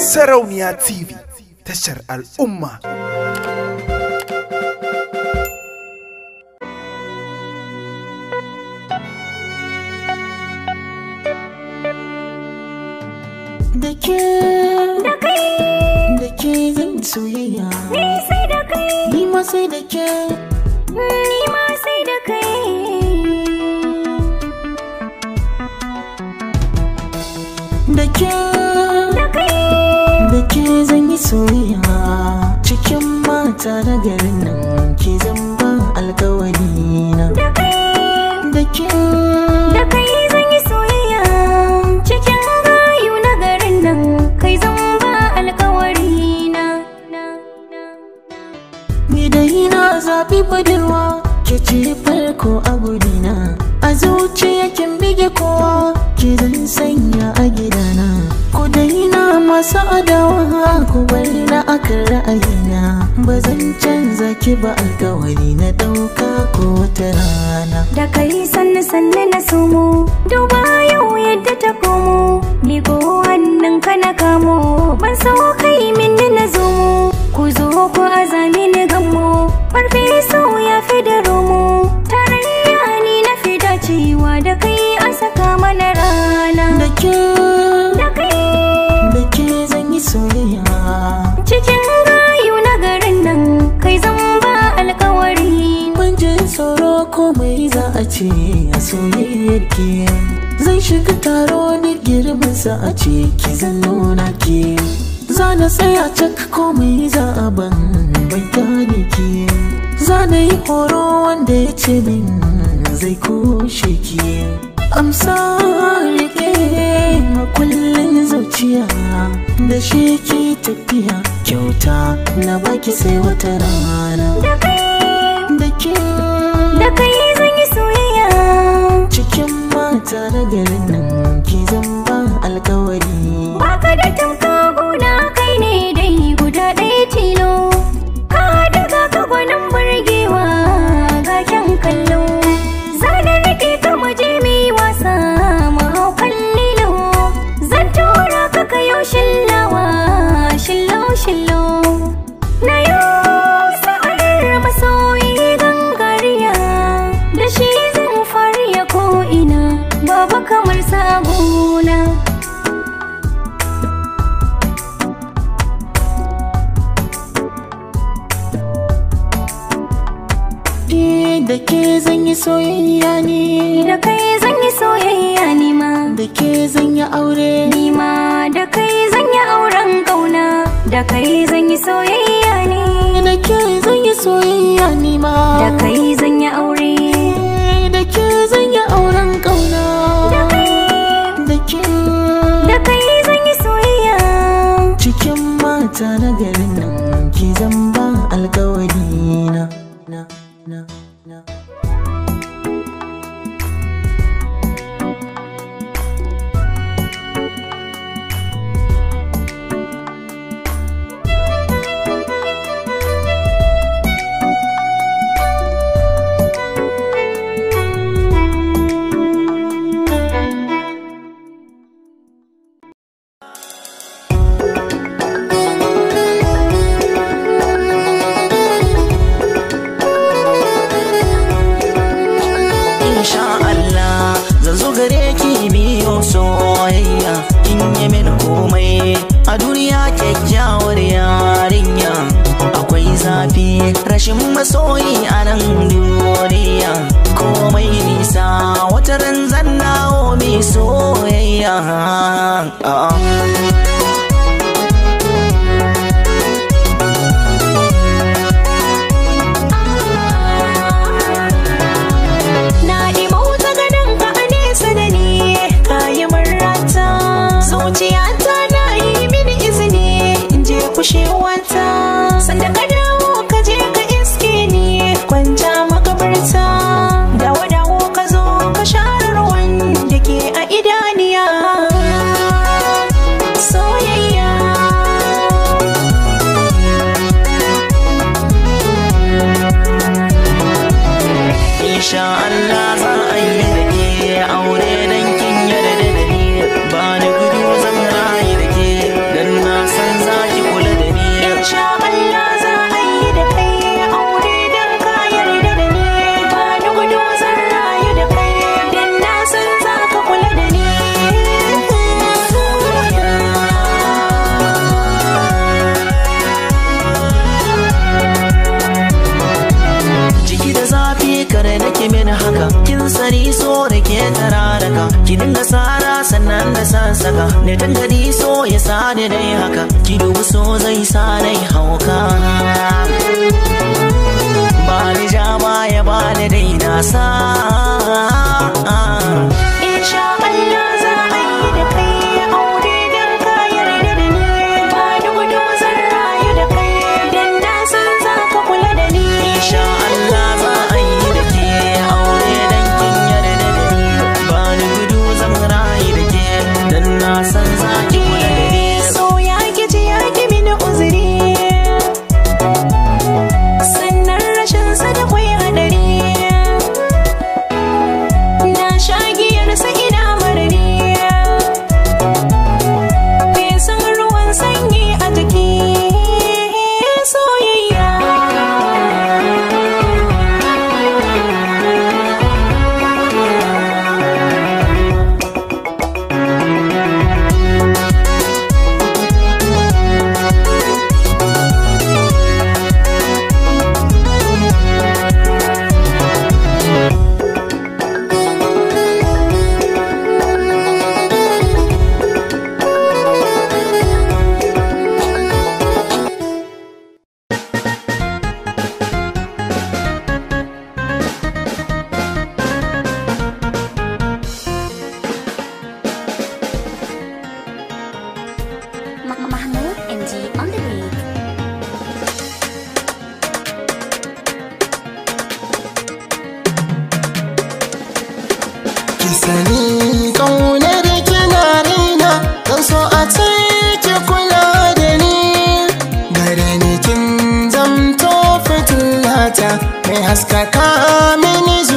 Sarauniya TV tashar al'umma. Da ke da ke zan soyayya. Ni sai da kai. Ni ma sai da ke. Ni ma sai da kai. da ke ke zan yi soyayya cikin mata da garin nan ke zan alkawari na da ke soyayya cikin rayu na garin kai zan ba na na zabi budurwa ke ce farko a masu adawa ku bari na akan ra'ayina ba zan canza ki ba alkawari na dauka ko wata rana da kai sannu sannu na sumu duba yau yadda ta komo ni ko hannun ka na kamo ban sauka girki zai shiga taro ne girbinsa a ki zan nuna ki za na tsaya cak komai za a ban bai gane ki za na yi horo wanda ya ce min zai kushe ki amsa rike a kullum zuciya da shi ke tafiya kyauta na baki sai wata rana da kai da kai cikin mata na garin nan ki alkawari. Ba ka da aure nima da kai zan yi auren kauna da kai zan yi soyayya ne da ke zan yi soyayya ma. da kai zan yi aure da ke zan yi auren kauna da ke da kai zan yi soyayya cikin mata na garin nan ki zan ba uh ke mini haka kin sani so da ke tararaka ki dinga sara sannan da sassaka ne gadi so ya sa da dai haka ki dubu so zai sa nai hauka ba ni ja ya ba ni dai na sa insha Allah sani kaunar kina raina don so a ce ki kula da ni gare ni kin zamto fitillata mai haskaka mini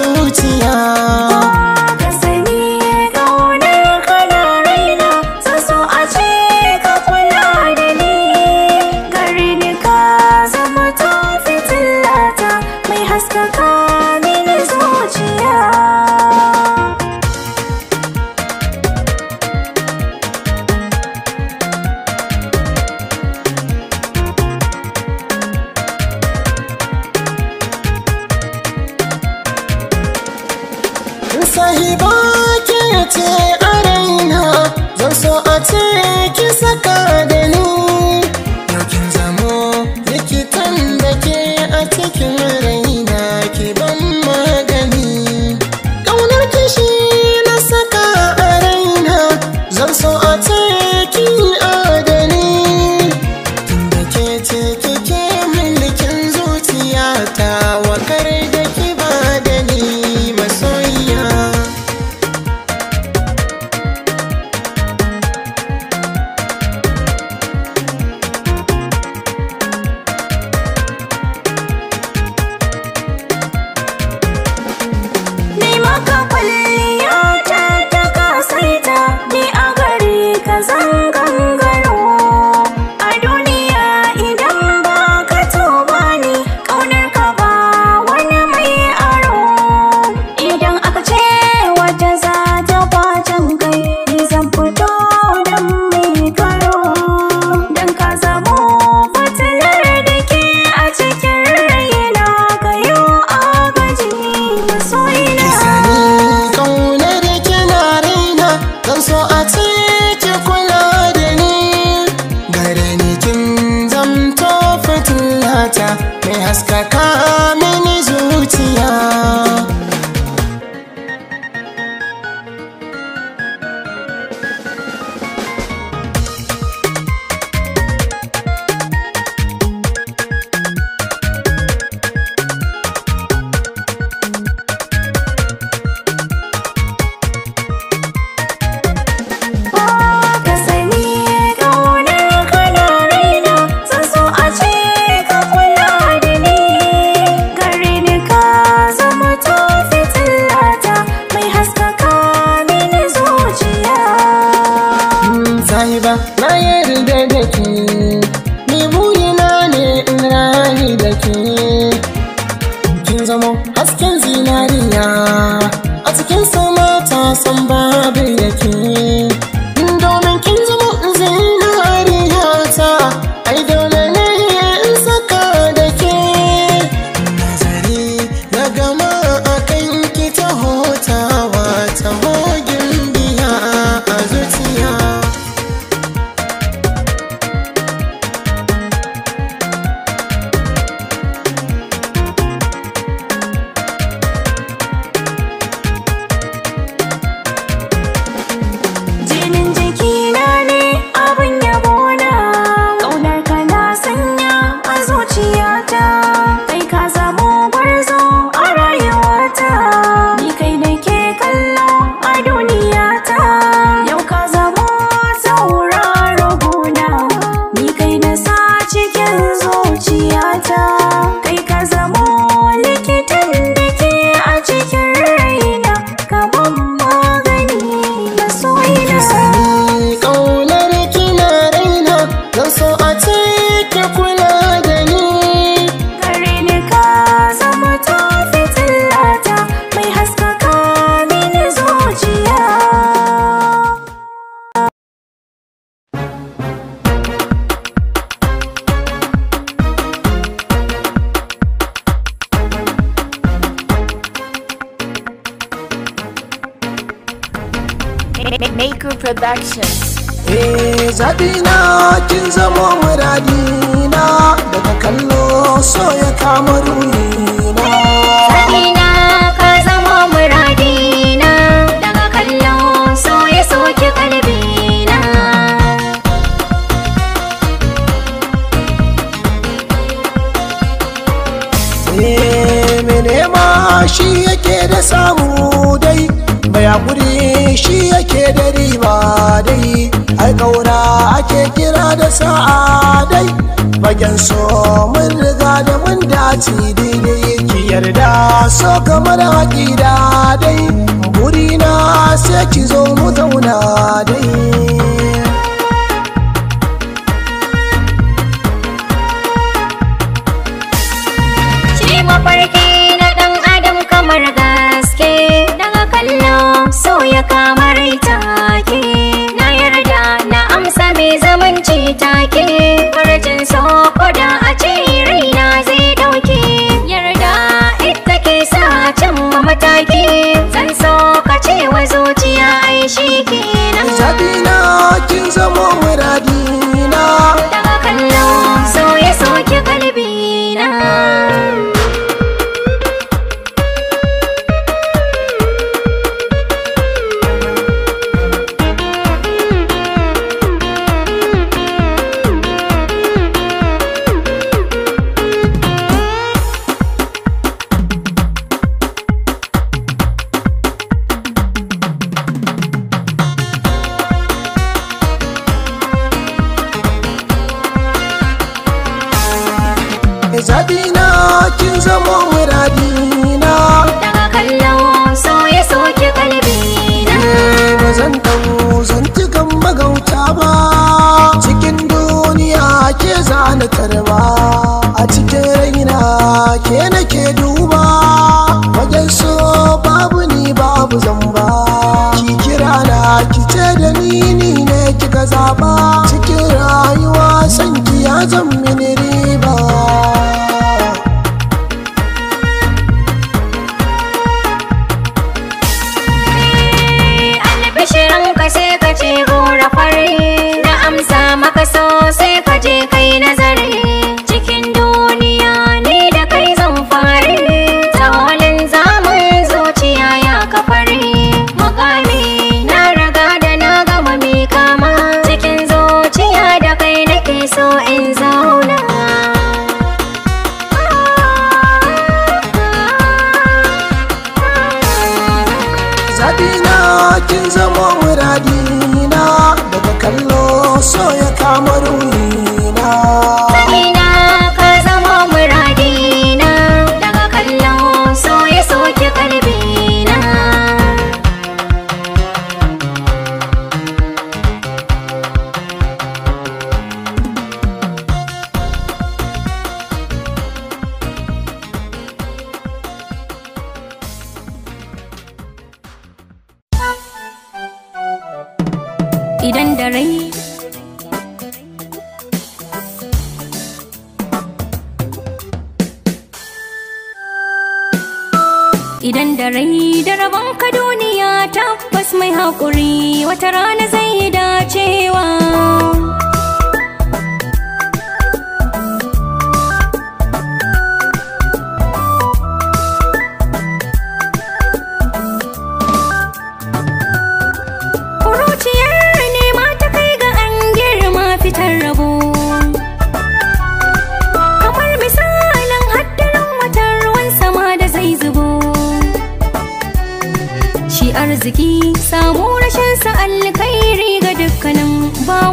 so ya kama ruhina Sa'ina ka zama muradi na. Daga kallon so ya soke kalbina eh, Me nema shi yake da samu dai Mai haƙuri shi yake da riba dai ai kauna ake kira da sa'a dai bakin so mun riga da mun dace daidai ki yarda so kamar aƙida dai na sai ki zo mu zauna dai someone with ideas. Ese idan da rai da rabon ka duniya tabbas mai haƙuri wata rana zai dacewa arziki samu rashin sa kai ga dukkanin bawa